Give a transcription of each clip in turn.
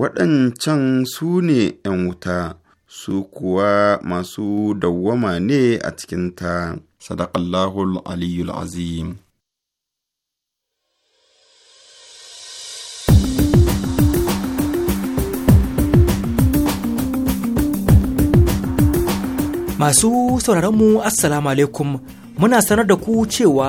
waɗancan su ne ‘yan wuta, su kuwa masu dawwama ne a cikinta, sadaƙallahul aliyul azim. Masu sauraronmu, Assalamu alaikum, muna sanar da ku cewa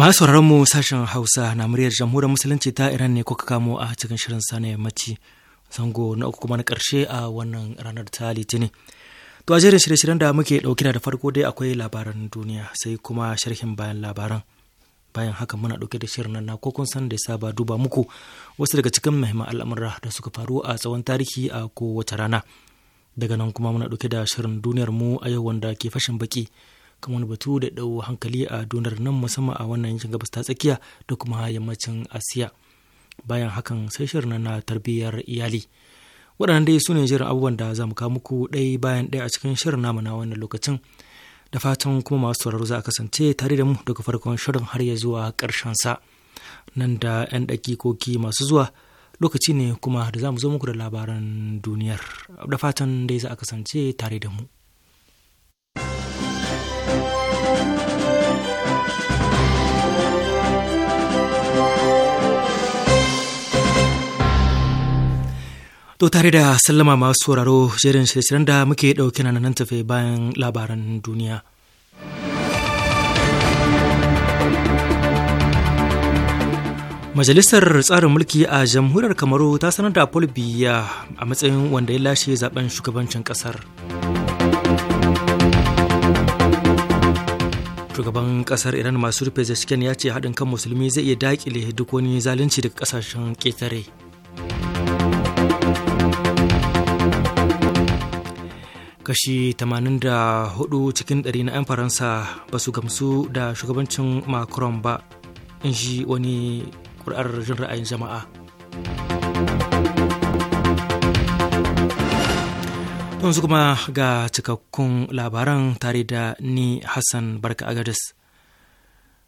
Masu mu sashen Hausa na muryar jamhuriyar Musulunci ta Iran ne kuka kamo a cikin shirin sana yammaci zango na uku kuma na karshe a wannan ranar ta Litinin. To a jerin shirye-shiryen da muke ɗauki da farko dai akwai labaran duniya sai kuma sharhin bayan labaran. Bayan haka muna ɗauke da shirin nan na kun san da ya saba duba muku wasu daga cikin muhimman al'amura da suka faru a tsawon tarihi a kowace rana. Daga nan kuma muna dauke da shirin duniyar mu a yau wanda ke fashin baki kan wani batu da ɗau hankali a donar nan musamman a wannan yankin gabas ta tsakiya da kuma yammacin asiya bayan hakan sai shirin na tarbiyyar iyali waɗannan dai su ne jiran abubuwan da za mu kawo muku ɗaya bayan ɗaya a cikin shirin namu na wannan lokacin da fatan kuma masu sauraro za a kasance tare da mu daga farkon shirin har ya zuwa ƙarshen sa nan da 'yan koki masu zuwa lokaci ne kuma da za mu zo muku da labaran duniyar da fatan dai za a kasance tare da mu. To tare da sallama masu sauraro shirin shirye da muke ɗauki na nan tafe bayan labaran duniya. Majalisar tsarin mulki a jamhuriyar Kamaru ta sanar da Paul a matsayin wanda ya lashe zaben shugabancin ƙasar. Shugaban ƙasar Iran masu rufe zasken ya ce haɗin kan musulmi zai iya daƙile duk wani zalunci daga ƙasashen ƙetare. kashi 84 cikin ɗari na 'yan faransa ba su gamsu da shugabancin macron ba in ji wani ƙuri'ar jin ra'ayin jama'a yanzu kuma ga cikakkun labaran tare da ni hassan barka agadis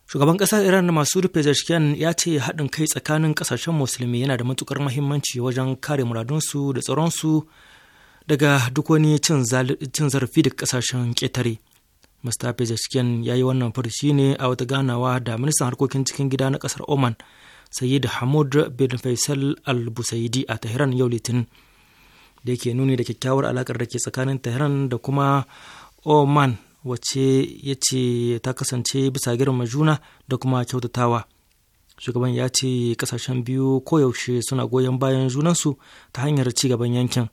shugaban ƙasar iran masu rufe zarkiyan ya ce haɗin kai tsakanin ƙasashen musulmi yana da matukar muhimmanci wajen kare muradunsu da tsaronsu daga duk wani cin zarafi daga kasashen ƙetare. Mr. Pezeshkian ya yi wannan farshi ne a wata ganawa da ministan harkokin cikin gida na ƙasar Oman, Sayyid Hamud bin Faisal Al-Busaidi a Tehran yau Litinin. Da yake nuni da kyakkyawar alakar da ke tsakanin Tehran da kuma Oman wacce ya ce ta kasance bisa girma juna da kuma kyautatawa. Shugaban ya ce kasashen biyu koyaushe suna goyon bayan junansu ta hanyar ci gaban yankin.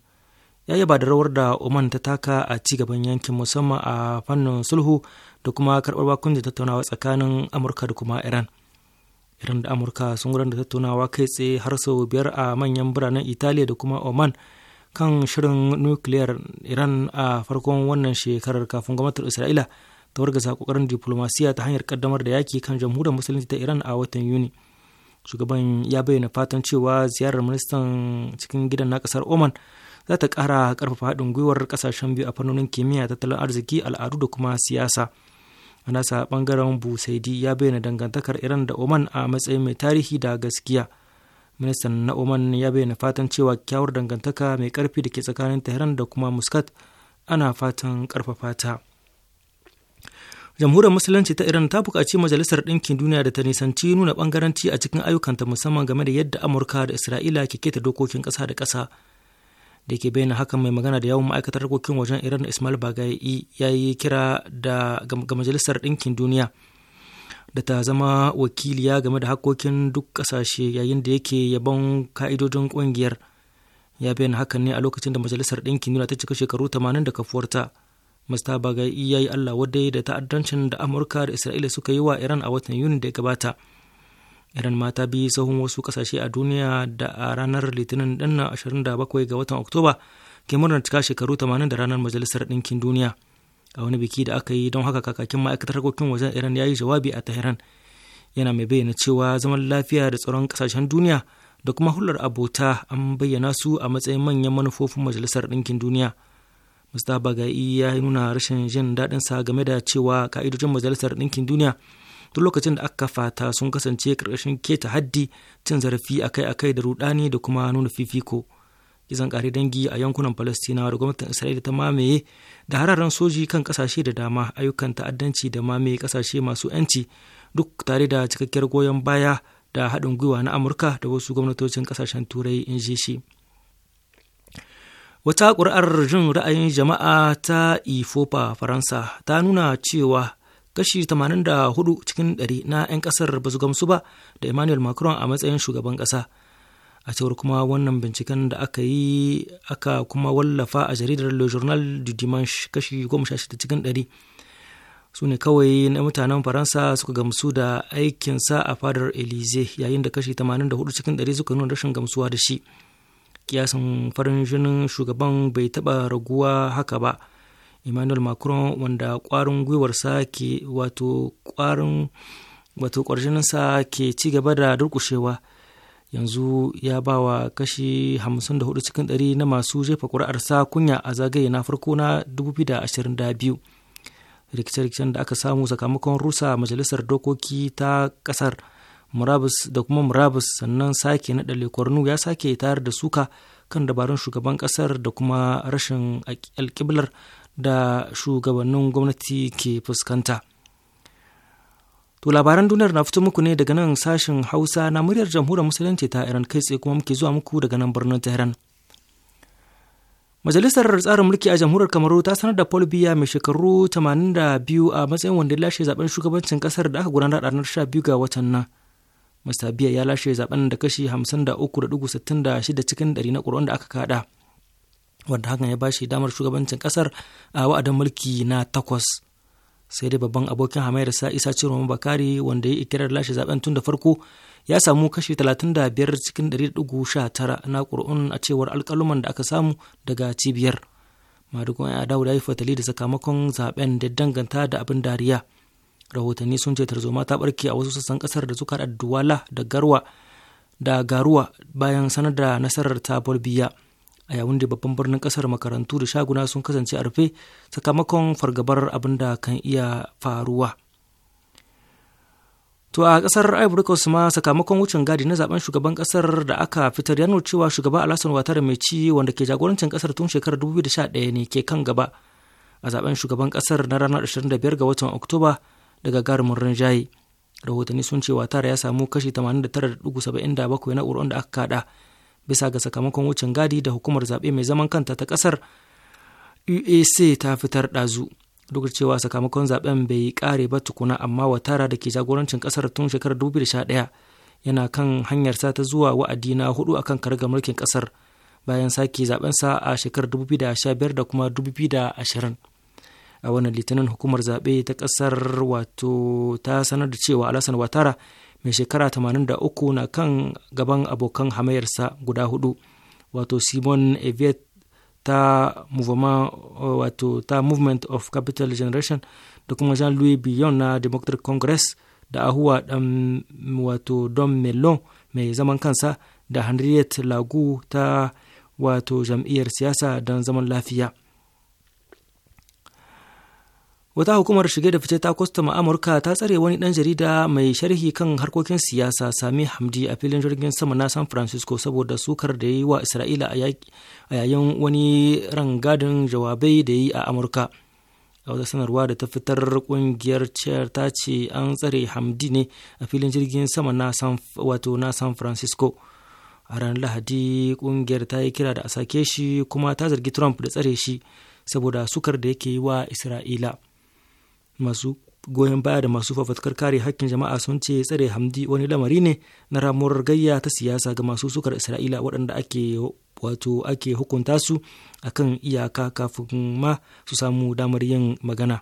ya yaba da rawar da oman ta taka a ci gaban yankin musamman a fannin sulhu da kuma karɓar bakun da tattaunawa tsakanin amurka da kuma iran iran da amurka sun gudanar da tattaunawa kai tsaye har sau biyar a manyan biranen italiya da kuma oman kan shirin nukiliyar iran a farkon wannan shekarar kafin gwamnatin isra'ila ta wargaza kokarin diplomasiya ta hanyar kaddamar da yaki kan jamhuriyar musulunci ta iran a watan yuni shugaban ya bayyana fatan cewa ziyarar ministan cikin gidan na kasar oman za ta ƙara ƙarfafa haɗin gwiwar ƙasashen biyu a fannonin kimiyya tattalin arziki al'adu da kuma siyasa a nasa ɓangaren busaidi ya bayyana dangantakar iran da oman a matsayin mai tarihi da gaskiya ministan na oman ya bayyana fatan cewa kyawar dangantaka mai ƙarfi da ke tsakanin tehran da kuma muscat ana fatan ƙarfafa ta jamhuriyar musulunci ta iran ta buƙaci majalisar ɗinkin duniya da ta nisanci nuna ɓangaranci a cikin ayyukanta musamman game da yadda amurka da isra'ila ke keta dokokin ƙasa da ƙasa da ke bayyana hakan mai magana da yawon ma'aikatar harkokin wajen iran ismail bagai ya yi kira da ga majalisar ɗinkin duniya da ta zama wakiliya game da harkokin duk ƙasashe yayin da yake yabon ka'idodin ƙungiyar ya bayyana hakan ne a lokacin da majalisar ɗinkin duniya ta cika shekaru 80 da kafuwarta mista bagai ya yi allah wadai da ta'addancin da amurka da isra'ila suka yi wa iran a watan yuni da ya gabata iran mata biyu sahun wasu kasashe a duniya da a ranar litinin dinnan 27 ga watan oktoba ke murnar cika shekaru 80 da ranar majalisar ɗinkin duniya a wani biki da aka yi don haka kakakin ma'aikatar harkokin wajen iran ya yi jawabi a tehran yana mai bayyana cewa zaman lafiya da tsaron kasashen duniya da kuma hular abota an bayyana su a matsayin manyan manufofin majalisar ɗinkin duniya mustapha bagai ya nuna rashin jin daɗinsa game da cewa ka'idojin majalisar ɗinkin duniya duk lokacin da aka fata sun kasance ƙarƙashin keta haddi cin zarafi akai-akai da rudani da kuma nuna fifiko izan kare dangi a yankunan palestina da gwamnatin isra'ila ta mamaye da hararren soji kan kasashe da dama ayyukan ta'addanci da mamaye kasashe masu 'yanci duk tare da cikakkiyar goyon baya da haɗin gwiwa na amurka da wasu gwamnatocin kasashen turai in ji shi wata ƙuri'ar jin ra'ayin jama'a ta ifopa e faransa ta nuna cewa kashi 84 cikin 100 na 'yan kasar ba su gamsu ba da emmanuel macron a matsayin shugaban kasa a cewar kuma wannan binciken da aka yi aka kuma wallafa a jaridar le journal du dimanche kashi 16 cikin 100 su ne kawai na mutanen faransa suka gamsu da aikinsa a fadar elize yayin da kashi 84 cikin 100 suka nuna rashin gamsuwa da shi kiyasin farin jinin shugaban bai taba raguwa haka ba emmanuel macron wanda kwarin gwiwarsa ke wato kwarin wato ke ci gaba da durƙushewa yanzu ya ba wa kashi 54 cikin 100 na masu jefa ƙuri'arsa kunya a zagaye na farko na 2022 rikice-rikicen da aka samu sakamakon rusa majalisar dokoki ta ƙasar murabus da kuma murabus sannan sake naɗa kwarnu ya sake tayar da suka kan dabarun shugaban ƙasar da kuma rashin alƙiblar da shugabannin gwamnati ke fuskanta. To labaran duniyar na fito muku ne daga nan sashen Hausa na muryar jamhuriyar musulunci ta Iran kai tsaye kuma muke zuwa muku daga nan birnin Tehran. Majalisar tsarin mulki a jamhuriyar Kamaru ta sanar da Paul Biya mai shekaru 82 a matsayin wanda ya lashe zaben shugabancin kasar da aka gudanar a ranar 12 ga watan nan. Mr. Biya ya lashe zaben da kashi 53.66 cikin 100 na ƙuri'un da aka kada. wanda hakan ya ba shi damar shugabancin kasar a wa'adin mulki na takwas sai dai babban abokin hamayar sa isa ciroma bakari wanda ya ikirar lashe zaben tun da farko ya samu kashi 35 cikin 119 na ƙuri'un a cewar alƙaluman da aka samu daga cibiyar madugun ya dawo da yi fatali da sakamakon zaben da danganta da abin dariya rahotanni sun ce tarzoma ta barke a wasu sassan kasar da suka da duwala da garwa da garuwa bayan sanar da nasarar ta bolbiya a yawun da babban birnin kasar makarantu da shaguna sun kasance a rufe sakamakon fargabar abin da kan iya faruwa to a kasar ivory coast ma sakamakon wucin gadi na zaben shugaban kasar da aka fitar ya nuna cewa shugaba alasan watara mai ci wanda ke jagorancin kasar tun shekarar 2011 ne ke kan gaba a zaben shugaban kasar na ranar 25 ga watan oktoba daga garimin rinjaye rahotanni sun ce watara ya samu kashi 89.77 na ƙuri'un da aka kada bisa ga sakamakon wucin gadi da hukumar zaɓe mai zaman kanta ta ƙasar uac ta fitar ɗazu duk da cewa sakamakon zaɓen bai ƙare ba tukuna amma watara da ke jagorancin ƙasar tun shekarar 2011 yana kan hanyarsa ta zuwa wa'adi na hudu akan ga mulkin ƙasar bayan sake sa a shekarar 2015 da kuma 2020 a wannan litinin hukumar zaɓe ta ƙasar wato ta sanar da cewa alasan watara mai shekara 83 na kan gaban abokan hamayarsa guda hudu wato simon eviet ta movement wato ta movement of capital generation da kuma jean-louis billon na democratic congress da ahuwa dan wato don melon mai zaman kansa da henriette lagu ta wato jam'iyyar siyasa don zaman lafiya wata hukumar shige da fice ta kwastama amurka ta tsare wani dan jarida mai sharhi kan harkokin siyasa sami hamdi a filin jirgin sama na san francisco saboda sukar da yi wa isra'ila a yayin wani rangadin jawabai da yi a amurka a wata sanarwa da ta fitar kungiyar ciyar ta ce an tsare hamdi ne a filin jirgin sama na san wato na san francisco a ranar lahadi kungiyar ta yi kira da a sake shi kuma ta zargi trump da tsare shi saboda sukar da yake yi wa isra'ila masu goyon baya da masu fafatkar kare hakkin jama'a sun ce tsare hamdi wani lamari ne na ramuwar gayya ta siyasa ga masu sukar isra'ila waɗanda ake wato ake hukunta su akan iyaka kafin ma su samu damar yin magana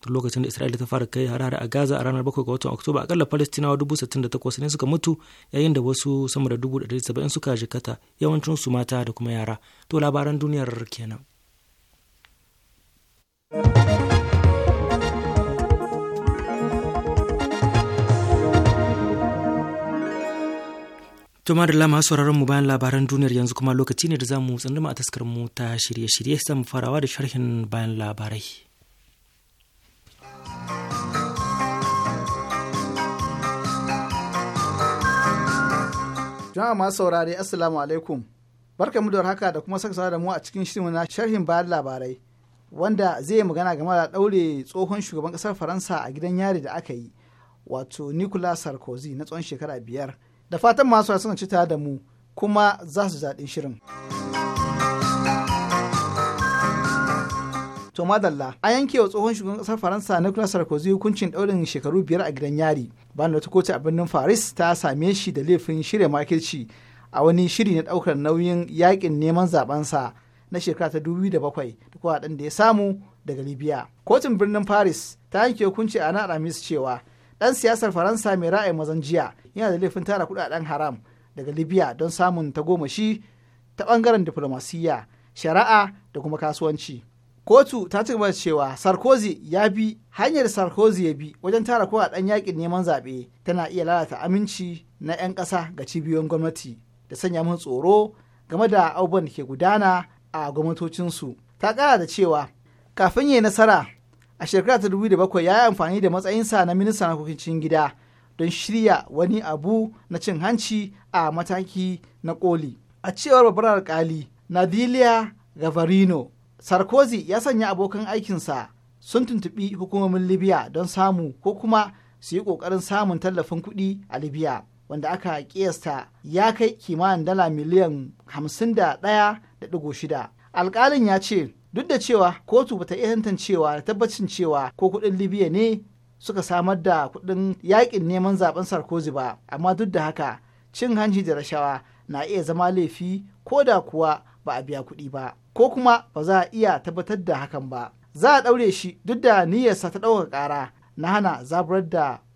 tun lokacin da isra'ila ta fara kai harare a gaza a ranar 7 ga watan oktoba akalla falastinawa 68 ne suka mutu yayin da wasu sama da 170 suka jikata yawancin su mata da kuma yara to labaran duniyar kenan Tuma da lama sauraron mu bayan labaran duniyar yanzu kuma lokaci ne da za mu tsunduma a taskar mu ta shirye-shirye sai mu farawa da sharhin bayan labarai. Jama'a ma saurare Assalamu alaikum. Barka mu da haka da kuma saka da mu a cikin shirin na sharhin bayan labarai wanda zai yi magana game da ɗaure tsohon shugaban ƙasar Faransa a gidan yari da aka yi wato Nicolas Sarkozy na tsawon shekara biyar. da fatan masu sun ci cita da mu kuma za su daɗin shirin. to madalla a yanke wa tsohon shugaban ƙasar faransa nicolas sarkozy hukuncin ɗaurin shekaru biyar a gidan yari Bana da kotu a birnin Faris ta same shi da laifin shirya makirci a wani shiri na ɗaukar nauyin yakin neman zabensa na shekara ta 2007 da kuɗaɗen da ya samu daga libya kotun birnin Faris ta yanke hukunci a ranar alhamis cewa ɗan siyasar faransa mai ra'ayin mazan jiya yana da laifin tara kuɗaɗen haram daga libya don samun ta tagomashi ta bangaren diflomasiyya shari'a da kuma kasuwanci kotu ta ci gaba da cewa sarkozy ya bi hanyar sarkozy ya bi wajen tara kudaden yakin neman zaɓe tana iya lalata aminci na 'yan ƙasa ga cibiyoyin gwamnati da sanya mun tsoro game da abubuwan da ke gudana a gwamnatocinsu ta ƙara da cewa kafin ya nasara a shekara ta bakwai, ya yi amfani da matsayinsa na ministan harkokin cikin gida don shirya wani abu na cin hanci a mataki na koli a cewar babbar alkali nadilia gavarino sarkozy ya sanya abokan aikinsa sun tuntubi hukumomin libya don samu ko kuma su yi ƙoƙarin samun tallafin kuɗi a libya wanda aka kiyasta ya kai kimanin dala miliyan 51.6 Alkalin ya ce duk da cewa kotu bata iya tantancewa da tabbacin cewa ko kudin libya ne suka samar da kudin yakin neman zaben sarkozy ba amma duk da haka cin hanci da rashawa na iya zama laifi ko da kuwa ba a biya kuɗi ba ko kuma ba za a iya tabbatar da hakan ba za a ɗaure shi duk da niyyarsa ta ɗaukar kara na hana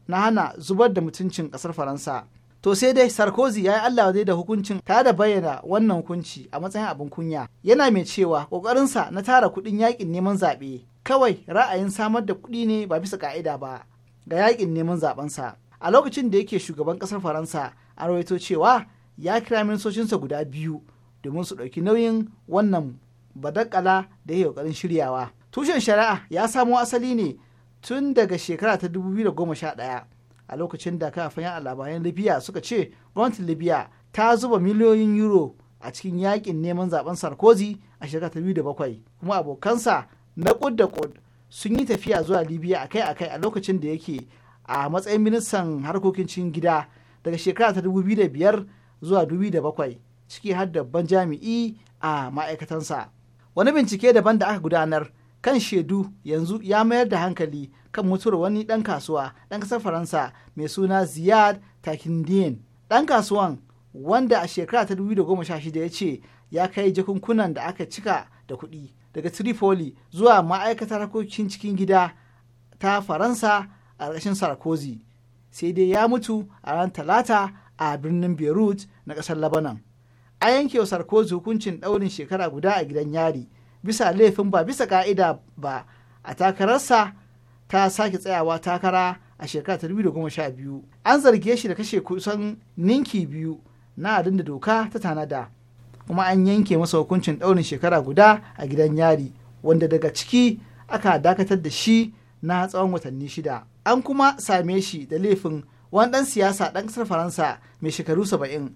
na hana zubar da mutuncin ƙasar faransa to sai dai sarkozy ya yi allah zai da hukuncin ta da bayyana wannan hukunci a matsayin abin kunya yana mai cewa kokarinsa na tara kuɗin yakin neman zaɓe kawai ra'ayin samar da kuɗi ne ba bisa ƙa'ida ba ga yaƙin neman zaɓensa a lokacin da yake shugaban ƙasar faransa a rawaito cewa ya kira ministocinsa guda biyu domin su ɗauki nauyin wannan badakala da ya ƙoƙarin shiryawa tushen shari'a ya samo asali ne tun daga shekara ta 2011 a lokacin da kafin a labaran libya suka ce gwamnatin libya ta zuba miliyoyin euro a cikin yakin neman zaben sarkozy a shekara ta biyu da bakwai kuma abokansa na kud da kud sun yi tafiya zuwa libya akai-akai a lokacin da yake a matsayin ministan harkokin cikin gida daga shekara ta dubu da biyar zuwa dubu da bakwai ciki har da ban jami'i a ma'aikatansa wani bincike daban da aka gudanar kan shaidu yanzu ya mayar da hankali kan mutuwar wani ɗan kasuwa ɗan ƙasar faransa mai suna ziyad takindiyen ɗan kasuwan wanda a shekara ta da 2016 ya ce ya kai jakunkunan da aka cika da kuɗi daga tripoli zuwa ma'aikatar harkokin cikin gida ta faransa a ƙarshen sarkozy sai dai ya mutu a ran talata a birnin beirut na ƙasar labanan a yankewa sarkozy hukuncin ɗaurin shekara guda a gidan yari bisa laifin ba bisa ka'ida ba a takararsa ta sake tsayawa takara a shekara ta biyu. an zarge shi da kashe kusan ninki biyu na adin da doka ta tanada kuma an yanke masa hukuncin daurin shekara guda a gidan yari wanda daga ciki aka dakatar da shi na tsawon watanni shida an kuma same shi da laifin wani ɗan siyasa ɗan ƙasar faransa mai shekaru saba'in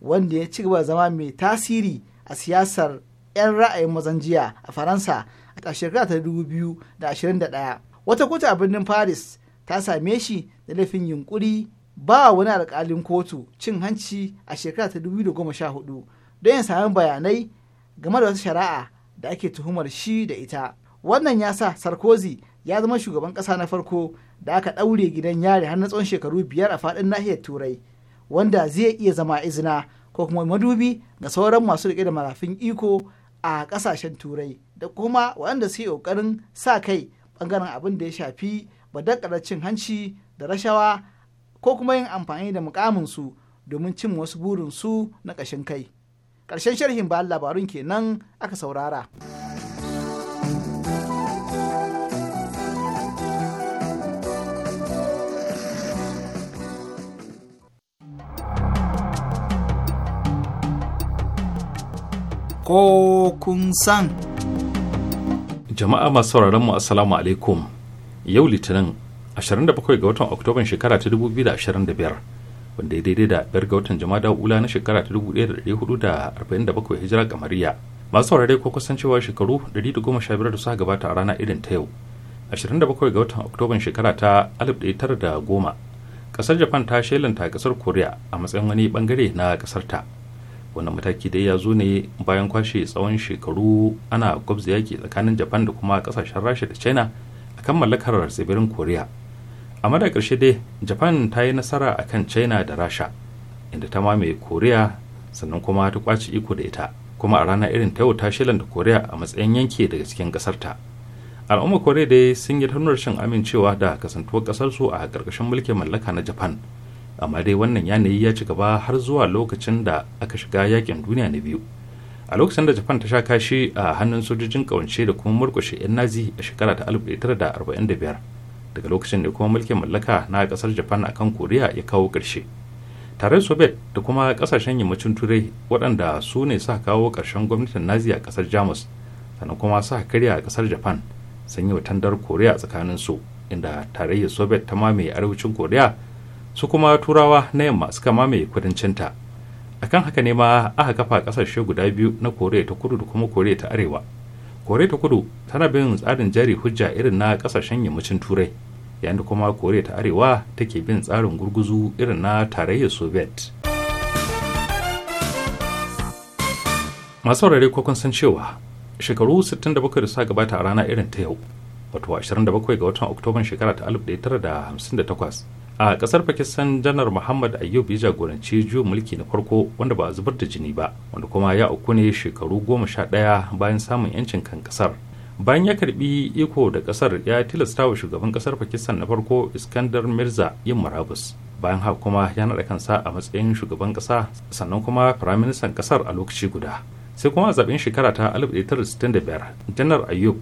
wanda ya ci gaba zama mai tasiri a siyasar 'yan ra'ayin mazan jiya a faransa a shekara ta 2021 wata kotu a birnin paris ta same shi da laifin yunkuri ba wani alkalin kotu cin hanci a shekara ta 2014 don ya sami bayanai game da wata shari'a da ake tuhumar shi da ita wannan ya sa sarkozy ya zama shugaban ƙasa na farko da aka ɗaure gidan yari har na tsawon shekaru biyar a faɗin nahiyar turai wanda zai iya zama izina ko kuma madubi ga sauran masu riƙe da marafin iko a ƙasashen turai da kuma waɗanda su yi ƙoƙarin sa kai ɓangaren abin da ya shafi badakarar cin hanci da rashawa ko kuma yin amfani da mukaminsu domin cin wasu burinsu na ƙashin kai. Ƙarshen sharhin ba labarun kenan aka saurara. ko kun san. Jama'a masu sauraron mu Assalamu alaikum. Yau Litinin 27 ga watan Oktoban shekara ta 2025 wanda ya daidai da biyar ga watan jama'a ula na shekara ta 1447 hijira kamariya. Masu saurare ko kusan cewa shekaru 115 da suka gabata a rana irin ta yau. 27 ga watan Oktoban shekara ta 1910 kasar Japan ta shelanta kasar Koriya a matsayin wani bangare na kasarta. ta. wannan mataki dai ya zo ne bayan kwashe tsawon shekaru ana gwabza yaki tsakanin japan da kuma kasashen rasha da china akan mallakar tsibirin koriya a da ƙarshe dai japan ta yi nasara a kan china da rasha inda ta mamaye koriya sannan kuma ta kwace iko da ita kuma a rana irin ta yau ta shilan da koriya a matsayin yanki daga cikin ƙasarta al'umma korea dai sun yi ta nuna rashin amincewa da kasantuwar ƙasarsu a ƙarƙashin mulkin mallaka na japan amma dai wannan yanayi ya ci gaba har zuwa lokacin da aka shiga yakin duniya na biyu a lokacin da japan ta sha kashi a hannun sojojin kawance da kuma murkushe 'yan nazi a shekara ta 1945 daga lokacin da kuma mulkin mallaka na kasar japan a kan koriya ya kawo ƙarshe tare soviet da kuma kasashen yammacin turai waɗanda su ne sa kawo ƙarshen gwamnatin nazi a kasar jamus sannan kuma sa karya a kasar japan sun yi wa tandar koriya tsakanin su inda tarayyar soviet ta mamaye arewacin koriya su kuma turawa na yamma suka mamaye kudancinta akan haka ne ma aka kafa kasashe guda biyu na koriya ta kudu da kuma koriya ta arewa koriya ta kudu tana bin tsarin jari hujja irin na kasashen yammacin turai yayin da kuma koriya ta arewa take bin tsarin gurguzu irin na tarayyar soviet masu saurare ko kun san cewa shekaru 67 da suka gabata a rana irin ta yau wato 27 ga watan oktoban shekara ta 1958 a kasar pakistan janar muhammad ayyub ya jagoranci juyin mulki na farko wanda ba a zubar da jini ba wanda kuma ya uku ne shekaru goma sha ɗaya bayan samun yancin kan kasar bayan ya karbi iko da kasar ya tilasta wa shugaban kasar pakistan na farko iskandar mirza yin marabus bayan haka kuma ya naɗa kansa a matsayin shugaban kasa sannan kuma firaministan kasar a lokaci guda sai kuma a zaɓen shekara ta 1965 janar ayyub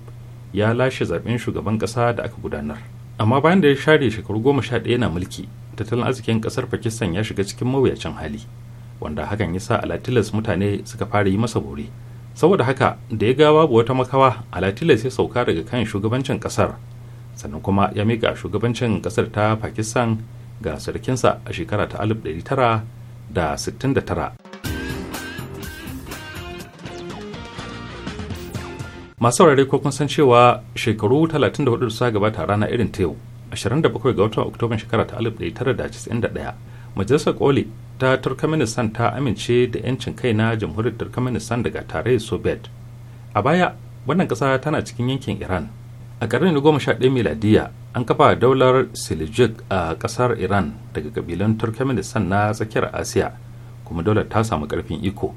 ya lashe zaben shugaban kasa da aka gudanar amma bayan da ya share shekaru goma sha ɗaya na mulki tattalin arzikin ƙasar pakistan ya shiga cikin mawuyacin hali wanda hakan ya sa alatilas mutane suka fara yi masa bore saboda haka da ya ga babu wata makawa alatilas ya sauka daga kan shugabancin ƙasar sannan kuma ya mika shugabancin ƙasar ta pakistan ga sarkinsa a shekara ta 1969 masu wurare ko kun san cewa shekaru 34 da suka gabata rana irin ta yau 27 ga watan oktoban shekara ta 1991 majalisar koli ta turkmenistan ta amince da yancin kai na jamhuriyar turkmenistan daga tarayyar soviet a baya wannan kasa tana cikin yankin iran a ƙarni na goma sha ɗaya miladiya an kafa daular seljuk a ƙasar iran daga kabilan turkmenistan na tsakiyar asiya kuma daular ta samu ƙarfin iko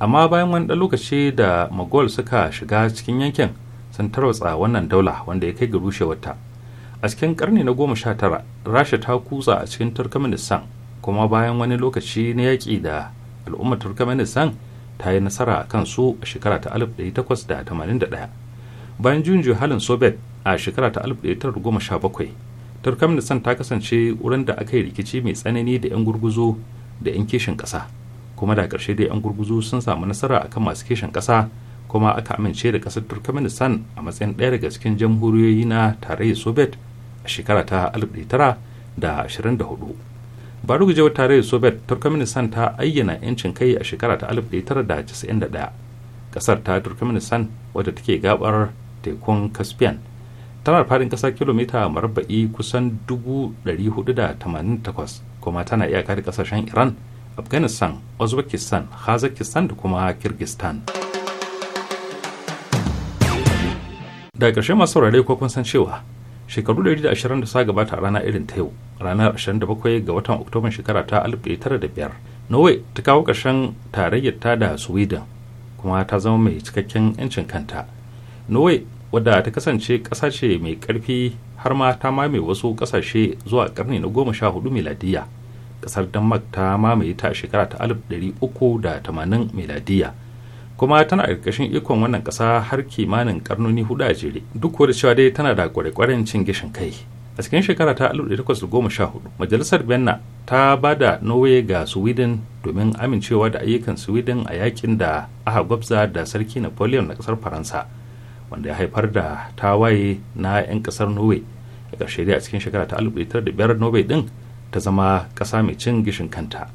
amma bayan wani ɗan lokaci da mogol suka shiga cikin yankin sun tarwatsa wannan daula wanda ya kai ga rushewarta a cikin karni na goma sha tara rasha ta kutsa a cikin turkmenistan kuma bayan wani lokaci na yaƙi da al'ummar turkmenistan ta yi nasara a su a shekara ta 1881 bayan juyin halin soviet a shekara ta 1917 turkmenistan ta kasance wurin da aka yi rikici mai tsanani da 'yan gurguzo da 'yan kishin ƙasa kuma da ƙarshe dai an gurguzu sun samu nasara akan masu kishin ƙasa kuma aka amince da ƙasar turkmenistan a matsayin ɗaya daga cikin jamhuriyoyi na tarayyar soviet a shekara ta 1924 baru gujewar tarayyar soviet turkmenistan ta ayyana 'yancin kai a shekara ta 1991 ƙasar ta turkmenistan wadda take gabar tekun caspian tana faɗin ƙasa kilomita marabba'i kusan 488 kuma tana iyaka da ƙasashen iran afghanistan uzbekistan hazakistan da kuma kirgistan daga ƙarshe masu saurare ko kun san cewa shekaru 120 da sa gabata a rana irin ta yau ranar 27 ga watan oktoban shekara ta 1905 norway ta kawo ƙarshen tarayyar ta da sweden kuma ta zama mai cikakken 'yancin kanta norway wadda ta kasance ƙasa ce mai ƙarfi har ma ta mame wasu ƙasashe zuwa ƙarni na goma sha hudu miladiyya kasar denmark ta mamaye ta shekara ta 1380 miladiya kuma tana a ƙarƙashin ikon wannan ƙasa har kimanin karnoni hudu a jere duk da cewa dai tana da kwarekwaren cin gishin kai a cikin shekara ta 1814 majalisar benna ta ba da norway ga sweden domin amincewa da ayyukan sweden a yakin da aka gwabza da sarki napoleon na ƙasar faransa wanda ya haifar da tawaye na 'yan ƙasar norway a ƙarshe dai a cikin shekara ta 1905 norway din ta zama ƙasa mai cin gishin kanta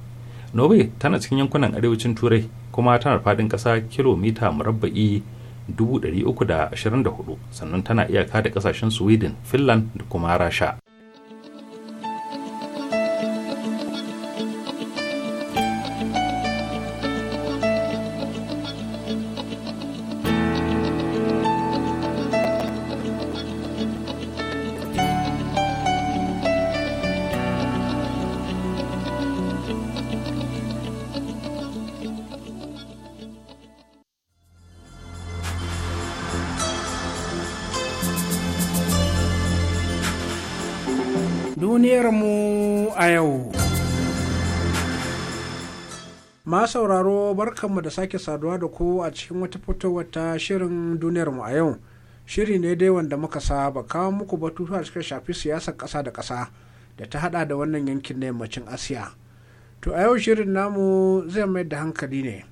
norway tana cikin yankunan arewacin turai kuma tana faɗin ƙasa kilomita murabba'i 324 sannan tana iyaka da ƙasashen sweden finland da kuma rasha ma sauraro barkanmu da sake saduwa da ku a cikin wata fitowar ta shirin duniyarmu a yau shiri ne dai wanda muka saba kawo muku a cikin shafi siyasar ƙasa da ƙasa da ta hada da wannan yankin na yammacin asiya to a yau shirin namu zai mai da hankali ne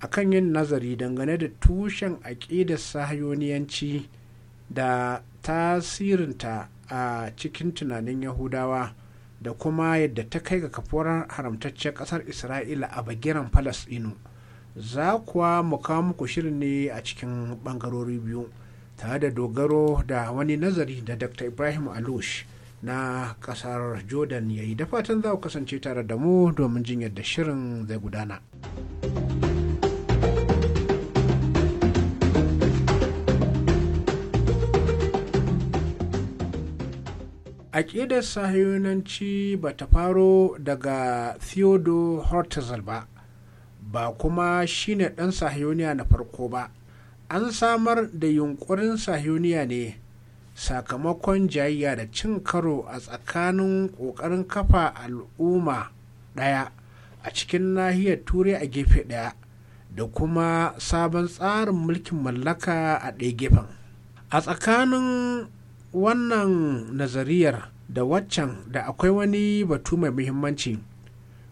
akan yin nazari dangane da tushen aƙidar sahayoniyanci da tasirinta a cikin tunanin yahudawa da kuma yadda ta kai ga kafuwar haramtaccen ƙasar isra'ila a bagiran falasɗinu za kuwa mu kawo muku shirin ne a cikin ɓangarori biyu tare da dogaro da wani nazari da dr ibrahim alush na ƙasar jordan ya yi da fatan za ku kasance tare da mu domin jin yadda shirin zai gudana. aƙidar sahiyonanci ba ta faro daga theodore hortzel ba ba kuma shine ɗan sahiyoniya na farko ba an samar da yunkurin sahiyoniya ne sakamakon jayayya da cin karo a tsakanin ƙoƙarin kafa al'umma ɗaya a cikin nahiyar turai a gefe ɗaya da kuma sabon tsarin mulkin mallaka a ɗaya gefen a tsakanin wannan nazariyar da waccan da akwai wani batu mai muhimmanci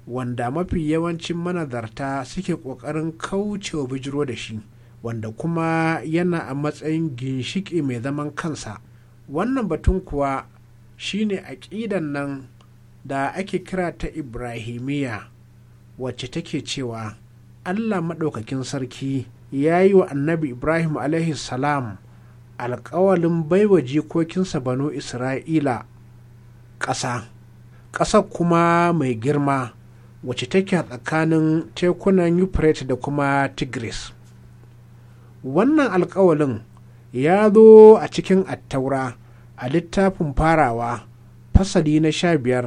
wanda mafi yawancin manazarta suke ƙoƙarin kaucewa bijiro da shi wanda kuma yana a matsayin ginshiƙi mai zaman kansa wannan batun kuwa shine aƙidan nan da ake kira ta ibrahimiya wacce take cewa allah maɗaukakin sarki ya yi wa annabi ibrahim salam alkawalin baiwa jikokinsa banu isra'ila ƙasa ƙasa kuma mai girma wacce take a tsakanin tekunan euphrates da kuma tigris wannan alkawalin ya zo a cikin attaura a littafin farawa fasali na sha biyar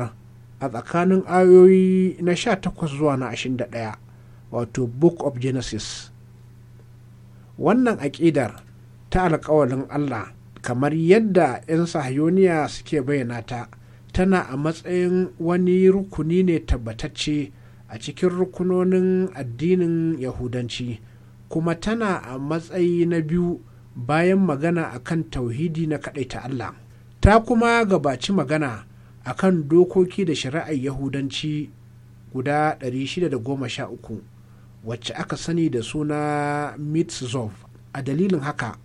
a tsakanin ayoyi na sha takwas zuwa na ashirin da ɗaya wato book of genesis wannan aƙidar ta alkawarin Allah kamar yadda 'yan sahayoniya suke bayyana ta tana a matsayin wani rukuni ne tabbatacce a cikin rukunonin addinin yahudanci kuma tana a matsayi na biyu bayan magana akan tauhidi na ta Allah ta kuma gabaci magana akan dokoki da shari'ar yahudanci guda 613 wacce aka sani da suna mitzvot a dalilin haka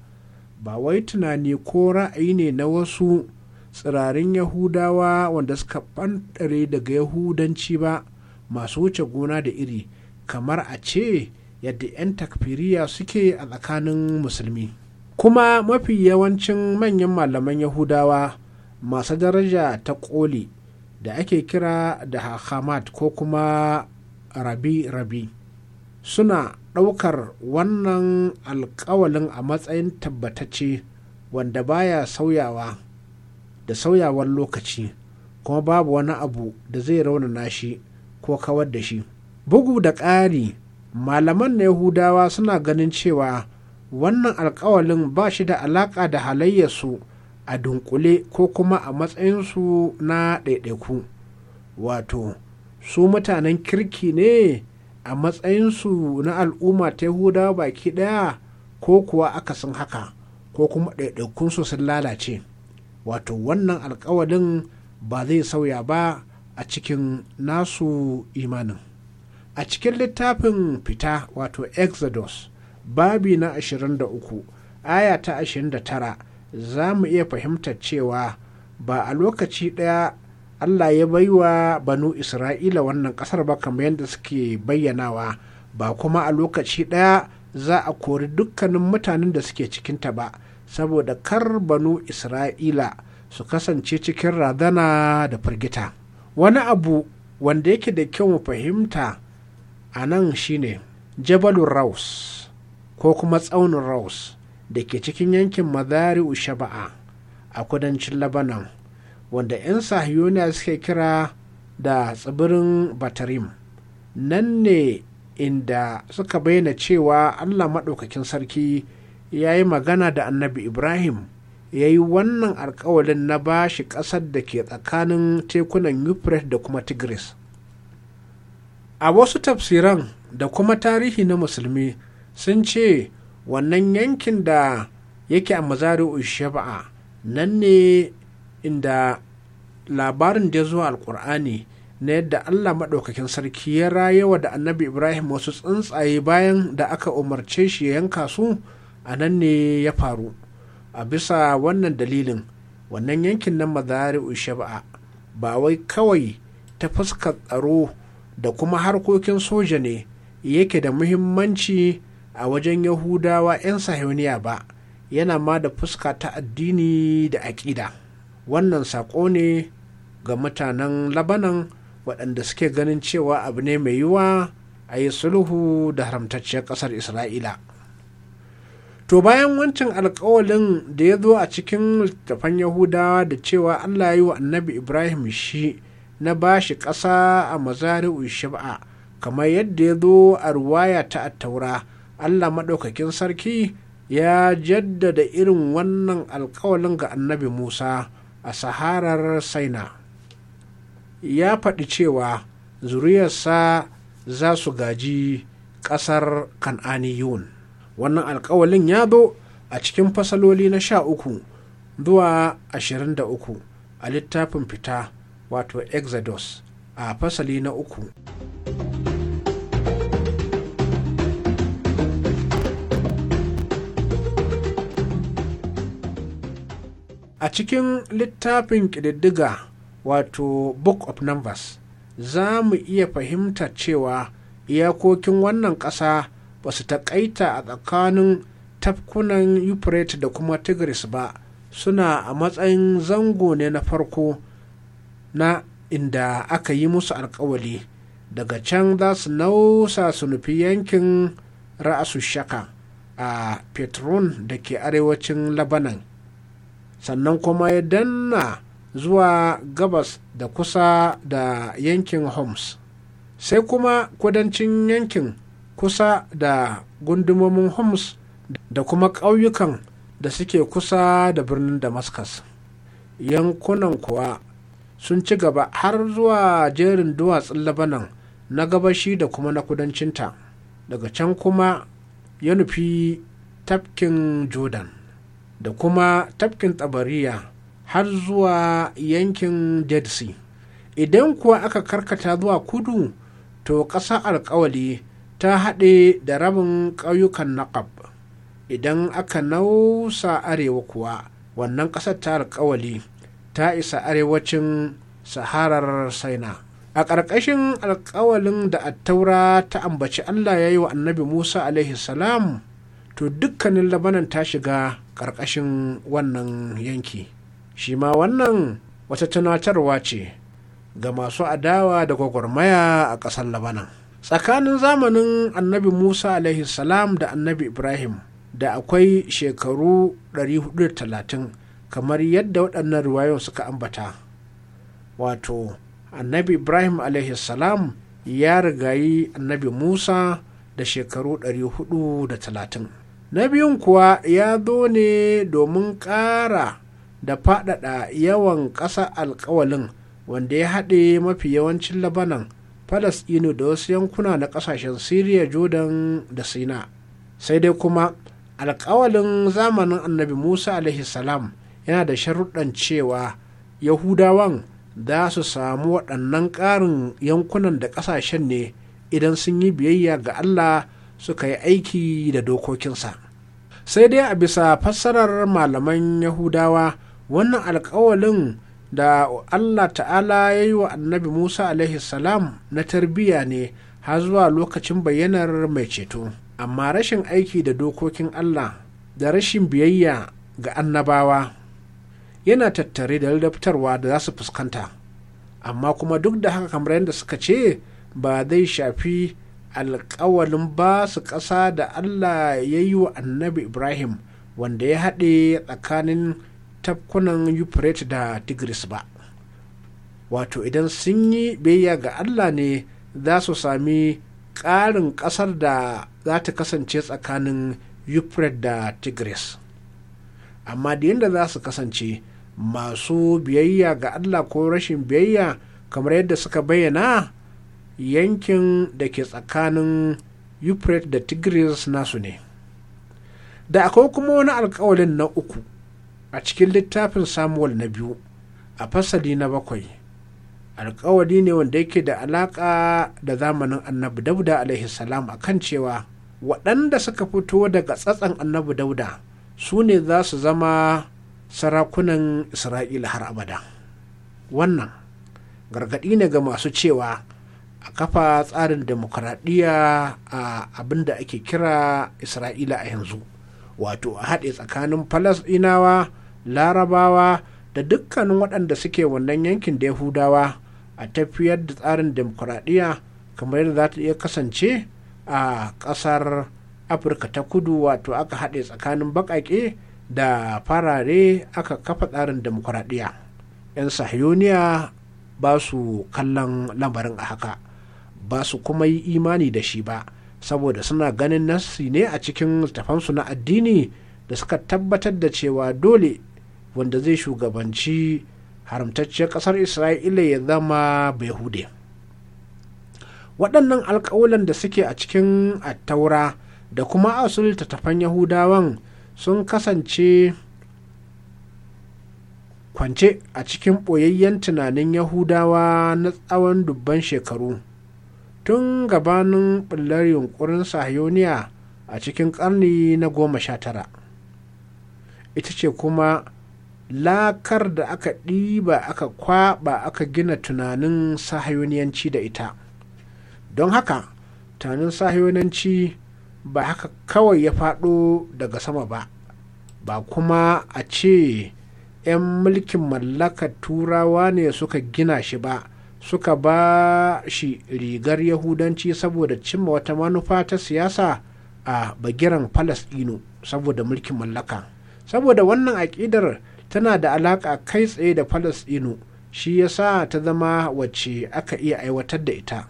ba wai tunani ko ra'ayi ne na wasu tsirarin yahudawa wanda suka ɓantare daga yahudanci ba masu wuce gona da iri kamar a ce yadda 'yan takfiriya suke a tsakanin musulmi kuma mafi yawancin manyan malaman yahudawa masu daraja ta koli da ake kira da hamad ko kuma rabi-rabi suna ɗaukar wannan alkawalin a matsayin tabbatacce wanda baya sauyawa da sauyawar lokaci kuma babu wani abu da zai raunana shi ko kawar da shi bugu da ƙari malaman na yahudawa suna ganin cewa wannan alkawalin ba shi da alaƙa da halayyarsu a dunkule ko kuma a matsayinsu na ɗaiɗaiku wato su mutanen kirki ne a matsayinsu na al'umma ta yahuda baki ɗaya ko kuwa aka akasin haka ko kuma ɗaiɗaikunsu sun lalace wato wannan alkawalin ba zai sauya ba a cikin nasu imanin a cikin littafin fita wato exodus babi na 23 aya ta 29 za mu iya fahimtar cewa ba a lokaci ɗaya allah ya bai wa banu isra'ila wannan ƙasar ba kamar yadda suke bayyanawa ba kuma a lokaci ɗaya za a kori dukkanin mutanen da suke cikinta ba saboda kar banu isra'ila su kasance cikin radana da firgita wani abu wanda yake da kyau mu fahimta a nan shine jabalun raus ko kuma tsaunin raus da ke cikin yankin mazari'u shaba'a a kudancin labanan wanda 'yan sahiyoniya suke kira da tsibirin batarim nan ne inda suka bayyana cewa allah maɗaukakin sarki ya yi magana da annabi ibrahim ya yi wannan alkawalin na ba shi ƙasar da ke tsakanin tekunan euphrates da kuma tigris a wasu tafsiran da kuma tarihi na musulmi sun ce wannan yankin da yake a mazari'u shaba'a nan ne inda labarin da ya zo alkur'ani na yadda allah maɗaukakin sarki ya rayewa da annabi ibrahim wasu tsuntsaye bayan da aka umarce shi ya yanka su a nan ne ya faru a bisa wannan dalilin wannan yankin na mazari shaba'a ba wai kawai ta fuskar tsaro da kuma harkokin soja ne yake da muhimmanci a wajen yahudawa 'yan sahiyoniya ba yana ma da fuska ta addini da aƙida. wannan saƙo ne ga mutanen labanan waɗanda suke ganin cewa abu ne mai yiwa a yi sulhu da haramtacciyar ƙasar isra'ila to bayan wancan alkawalin da ya zo a cikin littattafan yahudawa da cewa allah yi wa annabi ibrahim shi na ba shi ƙasa a mazari'u shab'a kamar yadda ya zo a ruwaya ta attaura allah maɗaukakin sarki ya jaddada irin wannan alkawalin ga annabi musa a saharar saina ya faɗi cewa zuriyarsa za su gaji ƙasar kan'aniyun wannan alkawalin ya zo a cikin fasaloli na sha uku zuwa ashirin da uku a littafin fita wato exodus a fasali na uku. a cikin littafin ƙididdiga wato book of numbers za mu iya fahimta cewa iyakokin wannan ƙasa ba su taƙaita a tsakanin tafkunan euphrates da kuma tigris ba suna a matsayin zango ne na farko na inda aka yi musu alkawali daga can za su nausa su nufi yankin ra'asu shaka a petron da ke arewacin labanan sannan kuma ya danna zuwa gabas da kusa da yankin homs sai kuma kudancin yankin kusa da gundumomin homs da kuma ƙauyukan da suke kusa da birnin damascus yankunan kuwa sun ci gaba har zuwa jerin duwatsun labanan na gabashi da kuma na kudancinta daga can kuma ya nufi tafkin jordan da kuma tafkin tsabariya har zuwa yankin dead sea idan kuwa aka karkata zuwa kudu to ƙasa alkawali ta haɗe da rabin ƙauyukan naƙab idan aka nausa arewa kuwa wannan ƙasar ta alkawali ta isa arewacin saharar saina a ƙarƙashin alkawalin da attaura ta ambaci allah ya yi wa annabi musa alaihi salam to dukkanin labanan ta shiga ƙarƙashin wannan yanki shi ma wannan wata tunatarwa ce ga masu adawa da gwagwarmaya a ƙasar labanan tsakanin zamanin annabi musa salam da annabi ibrahim da akwai shekaru 430 kamar yadda waɗannan riwayoyin suka ambata wato annabi ibrahim salam ya rigayi annabi musa da shekaru 430 na biyun kuwa ya zo ne domin ƙara da faɗaɗa yawan ƙasa alkawalin wanda ya haɗe mafi yawancin labanan falasɗinu da wasu yankuna na ƙasashen siriya jordan da sina sai dai kuma alkawalin zamanin annabi musa salam yana da sharuɗan cewa yahudawan za su samu waɗannan ƙarin yankunan da ƙasashen ne idan sun yi biyayya ga allah suka yi aiki da dokokinsa sai dai a bisa fassarar malaman yahudawa wannan alkawalin da allah ta'ala ya yi wa annabi musa salam na tarbiyya ne har zuwa lokacin bayyanar mai ceto amma rashin aiki da dokokin allah da rashin biyayya ga annabawa yana tattare da ladabtarwa da za su fuskanta amma kuma duk da haka kamar yadda suka ce ba zai shafi alkawalin ba su ƙasa da allah ya yi wa annabi ibrahim wanda ya haɗe tsakanin tafkunan euphrates da tigris ba wato idan sun yi biyayya ga allah ne za su sami ƙarin ƙasar da za ta kasance tsakanin euphrates da tigris amma da yadda za su kasance masu biyayya ga allah ko rashin biyayya kamar yadda suka bayyana yankin da ke tsakanin euphrates da tigris nasu ne da akwai kuma wani alkawalin na uku a cikin littafin samuwal na biyu a fasali na bakwai alkawali ne wanda yake da alaka da zamanin annabi dauda alaihi salam a kan cewa waɗanda suka fito daga tsatsan annabi dauda su ne za su zama sarakunan isra'ila har abada wannan gargaɗi ne ga masu cewa a kafa tsarin demokuraɗiyya a abin da ake kira isra'ila a yanzu wato a haɗe tsakanin falasɗinawa larabawa da dukkanin waɗanda suke wannan yankin da yahudawa a tafiyar da tsarin demokuraɗiyya kamar yadda za ta iya kasance a ƙasar afirka ta kudu wato aka haɗe tsakanin baƙaƙe da farare aka kafa tsarin demokuraɗiyya 'yan sahiyoniya ba su kallon lamarin a haka ba su kuma yi imani da shi ba saboda suna ganin nasi ne a cikin littafansu na addini da suka tabbatar da cewa dole wanda zai shugabanci haramtacciyar ƙasar isra'ila ya zama hude. waɗannan alƙawulan da suke a cikin attaura da kuma asul littattafan yahudawan sun kasance kwance a cikin ɓoyayyen tunanin yahudawa na tsawon dubban shekaru tun gabanin bullar yunkurin sahayoniya a cikin ƙarni na goma sha tara ita ce kuma lakar da aka ɗiba aka kwaɓa aka gina tunanin sahayoniyanci da ita don haka tunanin sahayoniyanci ba haka kawai ya faɗo daga sama ba ba kuma a ce 'yan mulkin mallakar turawa ne suka gina shi ba suka ba shi rigar yahudanci saboda cimma wata manufa ta siyasa a bagiran falasɗinu saboda mulkin mallaka saboda wannan aƙidar tana da alaƙa kai tsaye da falasɗinu shi ya sa ta zama wacce aka iya aiwatar da ita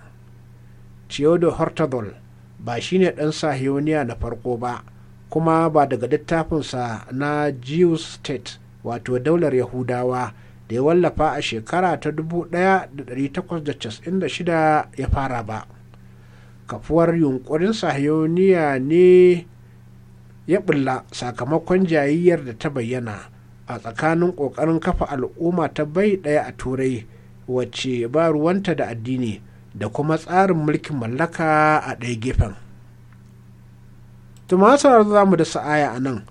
ciodo hortadol ba shine ɗan sahioniya na farko ba kuma ba daga littafinsa na jews state wato daular yahudawa da ya wallafa a shekara ta 1896 ya fara ba kafuwar yunkurin sahiyoniya ne ya bulla sakamakon jayayyar da ta bayyana a tsakanin ƙoƙarin kafa al'umma ta bai ɗaya a turai wacce ba ruwanta da addini da kuma tsarin mulkin mallaka a ɗaya gefen tumasar za mu da sa'aya a nan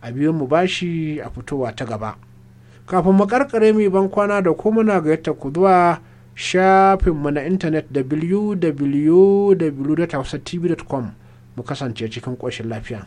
a biyu mu bashi a fitowa ta gaba kafin mu karkare mai ban kwana da kuma na yadda ku zuwa shafinmu na intanet www.tv.com mu kasance cikin ƙoshin lafiya.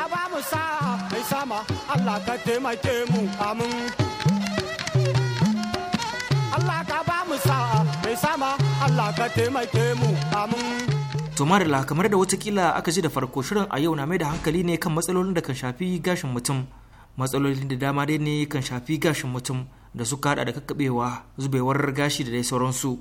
rahama Allah ka taimake mu amin Allah ka ba mu sa'a mai sama Allah ka taimake mu amin to kamar da watakila aka ji da farko shirin a yau na mai da hankali ne kan matsalolin da kan shafi gashin mutum matsalolin da dama dai ne kan shafi gashin mutum da suka hada da kakkabewa zubewar gashi da dai sauransu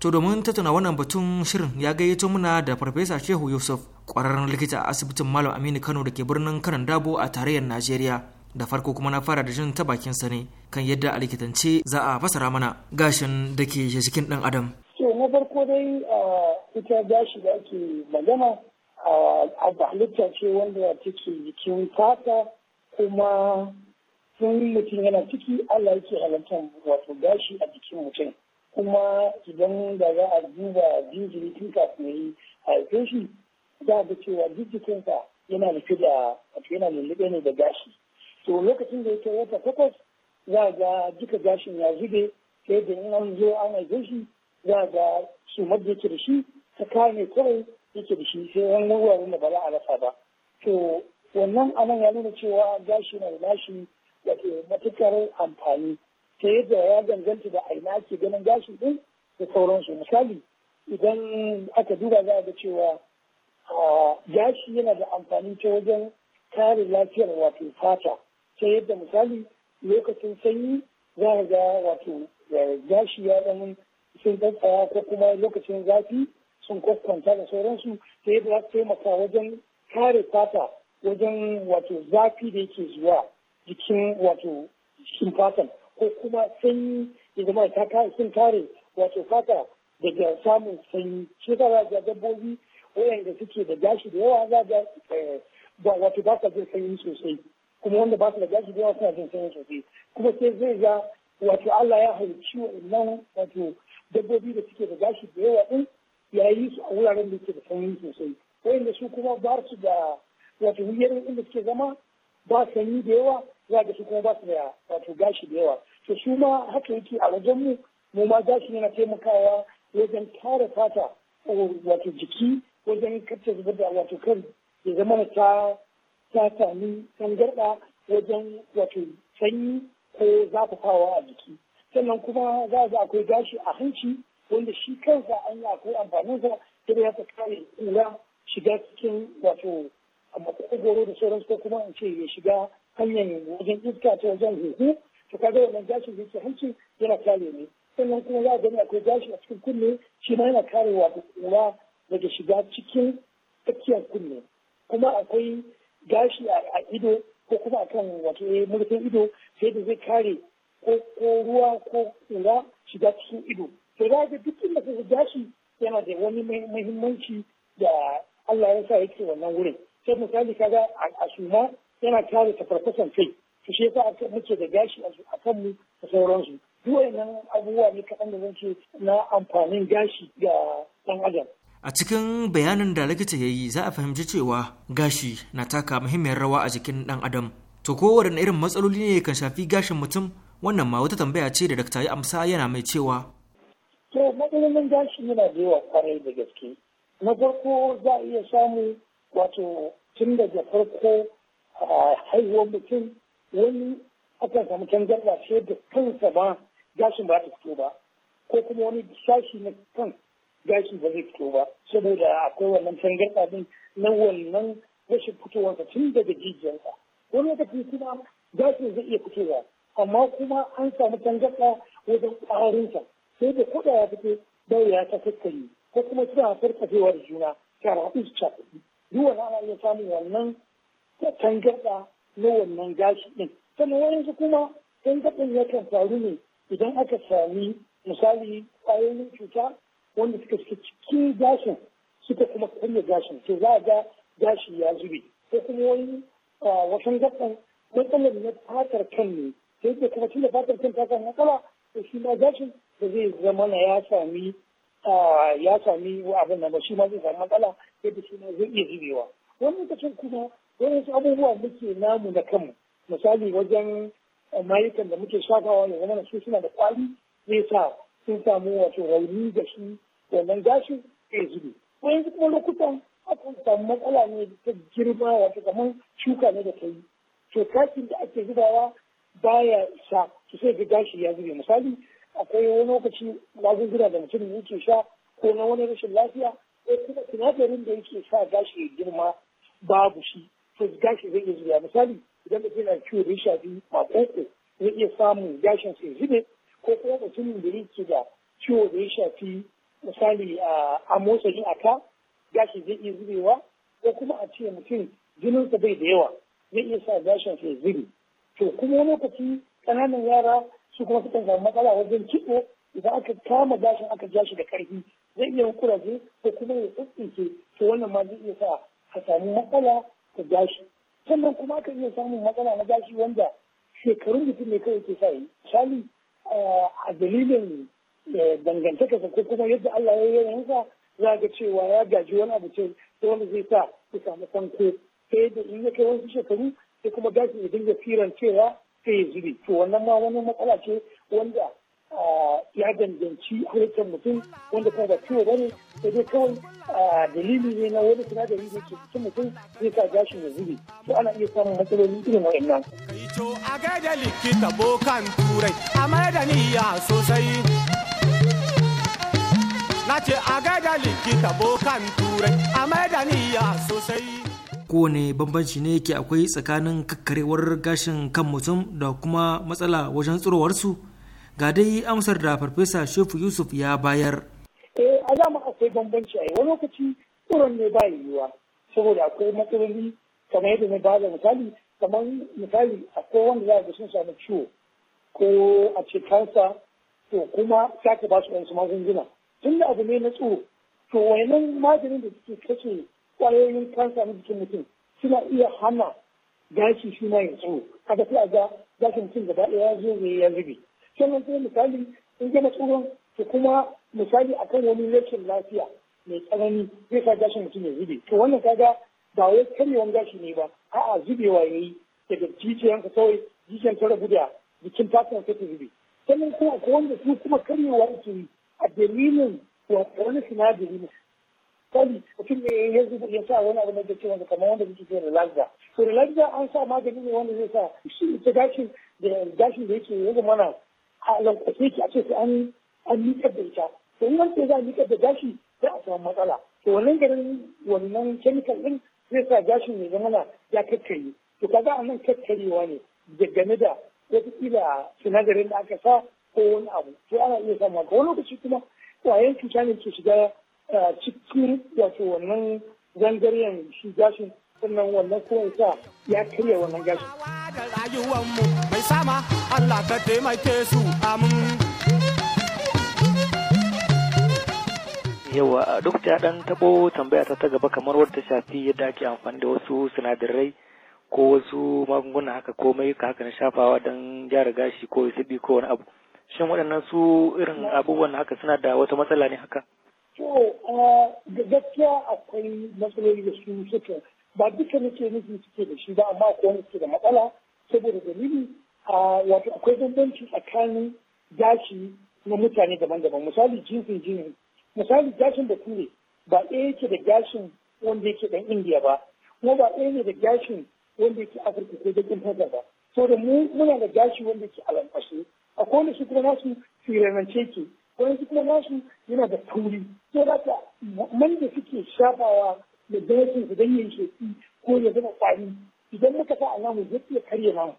To domin tattauna wannan batun shirin ya gayyato muna da Farfesa Shehu Yusuf ƙwararren likita a asibitin Malam Aminu Kano da ke birnin Kanon Dabo a tarayyar Najeriya. Da farko kuma na fara da jin ta bakin sa ne kan yadda a likitance za a fasara mana gashin da ke jikin ɗan adam. To na farko dai ita gashi da ake magana a halitta ce wanda take jikin fata kuma sun mutum yana ciki Allah yake halartar wato gashi a jikin mutum. kuma idan da za a duba jinjiri tun kafin yi haife shi za a ga cewa jikinsa yana rufe da yana lullube ne da gashi to lokacin da yake wata takwas za a ga duka gashin ya zube sai da in an zo an haife shi za a ga su da yake da shi ta ne kawai yake da shi sai wani wuraren da ba za a rasa ba to wannan anan ya nuna cewa gashi na da gashi da ke matukar amfani ta yadda ya danganta da aina ke ganin gashi din da sauransu misali idan aka duba za a ga cewa gashi yana da amfani ta wajen kare lafiyar wato fata ta yadda misali lokacin sanyi za a ga wato gashi ya dan sun tsaya ko kuma lokacin zafi sun kwakwanta da sauransu ta yadda za su taimaka wajen kare fata wajen wato zafi da yake zuwa jikin wato jikin fatan ko kuma sanyi ya zama ta sun kare wato fata daga samun sanyi shi ta za dabbobi wayanda suke da gashi da yawa za ga eh, ba wato ba sa jin sanyi sosai kuma wanda ba su da gashi da yawa suna jin sanyi sosai kuma sai zai ga wato Allah ya halicci wa'annan wato dabbobi da suke da gashi da yawa din ya yi su a wuraren da suke da sanyi sosai wayanda su kuma ba su da wato wuyar inda suke zama ba sanyi da yawa za ga su kuma ba su da wato gashi da yawa to su ma haka yake a wajen mu mu ma gashi yana taimakawa wajen tara fata wato jiki wajen kacce zubar da wato kan ya zama ta ta sami tangarɗa wajen wato sanyi ko zafafawa a jiki sannan kuma za a akwai gashi a hanci wanda shi kansa an yi akwai sa ta da ya kare kura shiga cikin wato makogoro da sauransu ko kuma in ce ya shiga hanyar wajen iska ta wajen huhu Ka kaga wannan gashin da yake hanci yana kare ne sannan kuma za a gani akwai gashi a cikin kunne shi ma yana kare wa daga shiga cikin tsakiyar kunne kuma akwai gashi a ido ko kuma akan wato eh, murfin ido sai da zai kare ko ruwa ko kura shiga cikin ido to za ga duk inda gashi yana da wani muhimmanci da Allah ya sa yake wannan wurin sai misali kaga a suma yana kare tafarkasan kai shi yasa aka muke da gashi a kan mu da sauransu duk wayannan abubuwa ne kaɗan da zan ce na amfanin gashi ga ɗan adam a cikin bayanin da likita ya yi za a fahimci cewa gashi na taka muhimmiyar rawa a jikin ɗan adam to kowane irin matsaloli ne kan shafi gashin mutum wannan ma wata tambaya ce da dakta amsa yana mai cewa to matsalolin gashi yana da yawa kwarai da gaske na farko za a iya samu wato tun daga farko a haihuwar mutum wani akan samu canjar sai da kansa ba gashin ba ta fito ba ko kuma wani sashi na kan gashi ba zai fito ba saboda akwai wannan canjar din na wannan rashin fitowarsa tun daga jijiyarsa wani lokaci kuma gashin zai iya fitowa amma kuma an samu tangarɗa wajen ƙwarinsa sai da kuɗa ya fito dawo ya ta kakkari ko kuma suna farfasewar juna ta haɗu su cakuɗi duk wani ana iya samun wannan tangarɗa na wannan gashi ɗin sannan su kuma tangaɗin yakan faru ne idan aka sami misali ƙwayoyin cuta wanda suka suke cikin gashin suka kuma karya gashin to za a ga gashi ya zube ko kuma wani wasan gaɓan matsalar na fatar kan ne sai da kuma tun da fatar kan ta kan matsala to shi ma gashin da zai zama na ya sami ya sami abin nan ba shi ma zai sami matsala yadda shi ma zai iya zubewa wani lokacin kuma wasu abubuwa muke namu na kanmu misali wajen eh, mayukan da muke shafawa ya zama su suna da kwari ne sa sun samu wato rauni da shi wannan gashi ya zube ko yanzu kuma lokutan akan samu matsala ne ta girma wato kamar shuka ne da ta yi to takin da ake zubawa baya sa su sai ga gashi ya zube misali akwai wani lokaci magunguna da mutum yake sha ko na wani rashin lafiya ko kuma sinadarin da yake sa gashi ya girma babu shi to gashi zai iya zuwa misali idan mutum yana ciwo da ya shafi makoko zai iya samun gashin sai zube ko kuma mutumin da yake da ciwo da ya shafi misali a motsa ni a ka gashi zai iya zubewa ko kuma a ce mutum jininsa bai da yawa zai iya sa gashin sai zube to kuma wani lokaci ƙananan yara su kuma sukan samu matsala wajen kitso idan aka kama gashin aka ja shi da ƙarfi zai iya kuraje ko kuma ya tsintsince to wannan ma zai iya sa a samu matsala ta gashi sannan kuma ka iya samun matsala na gashi wanda shekarun mutum ne kawai ke sa yi misali eh, a dalilin eh, sa ko kuma yadda Allah ya yi yanka za ka cewa ya gaji wani abu ce ta wani zai sa ya samu sanko sai da in ya kai wasu shekaru sai kuma gashi ya dinga firan cewa sai ya zube to wannan ma wani matsala ce wanda ya danganci halittar mutum wanda kuma ba ciwo ba ne da dai kawai dalili ne na wani sinadari da ke cikin mutum zai sa gashin ya zube to ana iya samun matsaloli irin wa'annan. Kaito a gaida likita bokan turai a da niyya sosai. Na ce a gaida likita bokan turai a da niyya sosai. kowane bambanci ne ke akwai tsakanin kakkarewar gashin kan mutum da kuma matsala wajen tsirowarsu? su ga dai amsar da farfesa shefu yusuf ya bayar eh a zama akwai bambanci a wani lokaci tsoron ne ba yiwuwa saboda akwai matsaloli kamar yadda na ba da misali kamar misali akwai wanda za ga sun samu ciwo ko a ce kansa to kuma sake ba su wasu magunguna tun da abu ne na tsoro to wayannan maganin da suke kashe kwayoyin kansa na jikin mutum suna iya hana gashi shi ma ya tsoro sai a ga gashin mutum gaba ɗaya ya zo ne ya zube sannan kuma misali in gama tsoron to kuma misali akan wani rashin lafiya mai tsanani zai sa gashin mutum ya zube to wannan kaga ba wai karyewan gashi ne ba a'a zubewa yayi daga jijiyanka kawai jijiyan ta rabu da jikin tasirin sai ta zube sannan kuma akwai wanda su kuma karyewa ke yi a dalilin wani sinadari ne kali mutum ne ya zuba ya sa wani abu na da cewa kamar wanda muke ce relaxer to relaxer an sa magani ne wanda zai sa shi ta gashin da gashin da yake ya zama na a lankwashe ki a ce sai an an miƙar da ita to in za a miƙar da gashi za a samu matsala to wannan garin wannan chemical din zai sa gashin mai zamana ya kakkare to kaga a nan kakkarewa ne game da wataƙila sinadarin da aka sa ko wani abu to ana iya samu haka wani lokaci kuma ƙwayan cuta ne ke shiga cikin wato wannan zangaren shi gashin sannan wannan kuma ya karya wannan gashin. da rayuwanmu mai sama Allah ka taimake su amin. Yawa duk ta ɗan taɓo tambaya ta gaba kamar wadda shafi yadda ake amfani da wasu sinadarai ko wasu magunguna haka ko ka haka na shafawa don gyara gashi ko sabi ko wani abu. Shin waɗannan su irin abubuwan haka suna da wata matsala ne haka? To, da gaskiya akwai matsaloli da su suka ba duka nake nufin suke da shi ba amma ko wani suke da matsala saboda dalili a wato akwai bambanci tsakanin gashi na mutane daban-daban misali jinsin jini misali gashin da kure ba ɗaya yake da gashin wanda yake ɗan indiya ba kuma ba ɗaya ne da gashin wanda yake afirka ko da fata ba da mu muna da gashi wanda yake alamfashe a wanda su kuma nasu firanance ke wani su kuma nasu yana da turi so da man da suke shafawa da gashin su don yin ko ya zama kwari idan muka sa alamu zai iya karya ma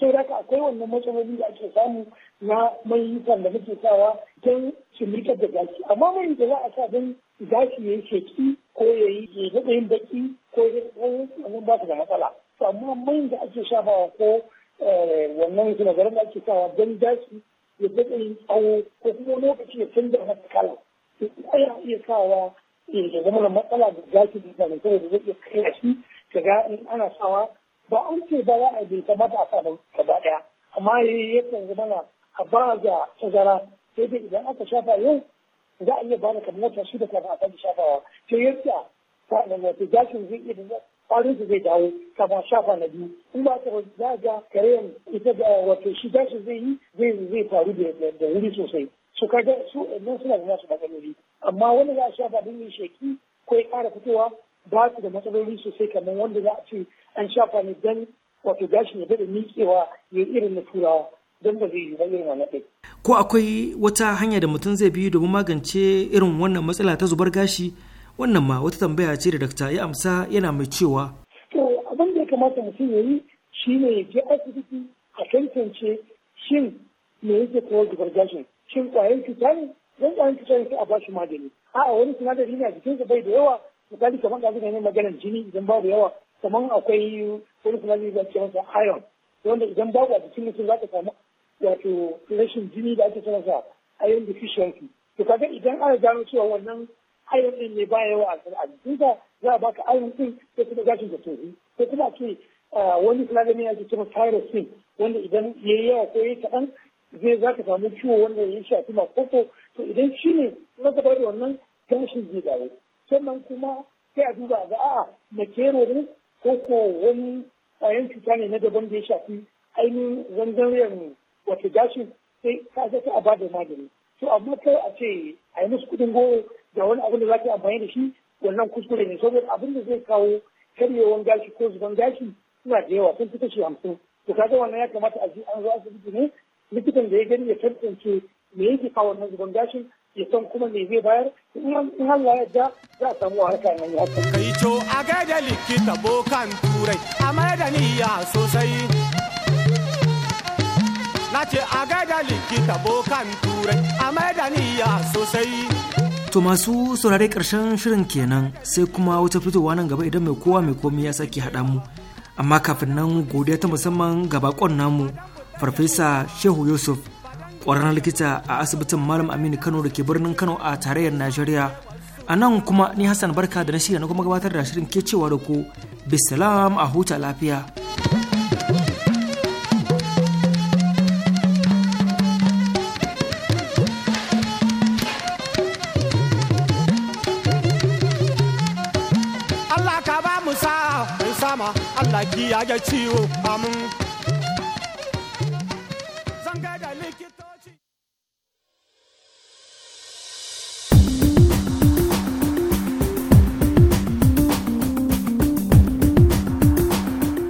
sau da akwai wannan matsaloli da ake samu na mayukan da muke sawa don shimrikar da gashi amma mai da za a sa don gashi ya yi sheki ko ya yi yin baki ko ya daɗa wannan ba su da matsala amma mai da ake shafawa ko eh, wannan sinadaran da ake sawa don gashi ya daɗa yin tsawo ko kuma lokaci ya canza masa kala ana iya sawa da zama da matsala da zaki da mutane saboda zai iya kai shi ka ga in ana sawa ba an ce ba za a bai kamata a gaba daya amma yakan zama na a ba ga tazara sai dai idan aka shafa yau za a iya ba da kamar wata shida kafin a sake shafawa sai yadda sa'an wato gashin zai iya da kwarin su zai dawo kafin shafa na biyu in ba ta za ga karen ita da wato shi gashin zai yi zai faru da wuri sosai su kaga su nan suna da nasu matsaloli amma wani za a sha ba yin sheki ko ya ƙara fitowa ba su da matsaloli sosai kamar wanda za a ce an shafa ne don wato gashi ya da miƙewa ya irin na turawa don ba zai yi ba irin wannan ɗin. Ko akwai wata hanya da mutum zai bi domin magance irin wannan matsala ta zubar gashi wannan ma wata tambaya ce da dakta ya amsa yana mai cewa. To abin da ya kamata mutum ya yi shi ne ya je asibiti a tantance shin me yake kawar zubar gashin shin ƙwayar cuta ne yan kwayan cutar sai a bashi magani a'a wani sinadari ne a jikinsa bai da yawa misali kamar da ne maganar jini idan babu yawa kamar akwai wani sinadari da ake masa iron wanda idan babu a jikin mutum za ka samu wato rashin jini da ake sanarsa iron deficiency to kaga idan ana gano cewa wannan iron din ne ba yawa a jikinka za a baka iron din sai kuma gashin da tozi ko kuma ce wani sinadari ne ake cewa thyroxine wanda idan ya yi yawa ko ya yi kaɗan zai za ka samu ciwo wanda ya shafi makoko to idan shi ne na gaba da wannan gashin zai dawo sannan kuma sai a duba ga a'a ne ko ko wani ƙwayan cuta ne na daban da ya shafi ainihin zanzariyar wata gashin sai ka ga ta a bada magani to amma kai a ce a yi musu kuɗin goro da wani abin da za ka amfani da shi wannan kuskure ne saboda abin da zai kawo karyewan gashi ko zuban gashi suna da yawa sun fi kashi hamsin to kaga wannan ya kamata a ji an zo asibiti ne likitan da ya gani ya tantance me yake kawo wannan zuban gashin ya san kuma me zai bayar in Allah ya da za a samu harka nan ya haka. Kai to a da likita bokan turai a da niyya sosai. Na ce a da likita bokan turai a da niyya sosai. To masu saurare ƙarshen shirin kenan sai kuma wata fitowa nan gaba idan mai kowa mai komi ya sake haɗa mu. Amma kafin nan godiya ta musamman ga bakon namu Farfesa Shehu Yusuf ƙwararren likita a asibitin malam aminu kano da ke birnin kano a tarayyar najeriya a nan kuma ni hassan barka da na shirya na kuma gabatar da shirin ke cewa da ku bisalam a huta lafiya Allah ka ba sama Allah ki ya ciwo amin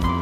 you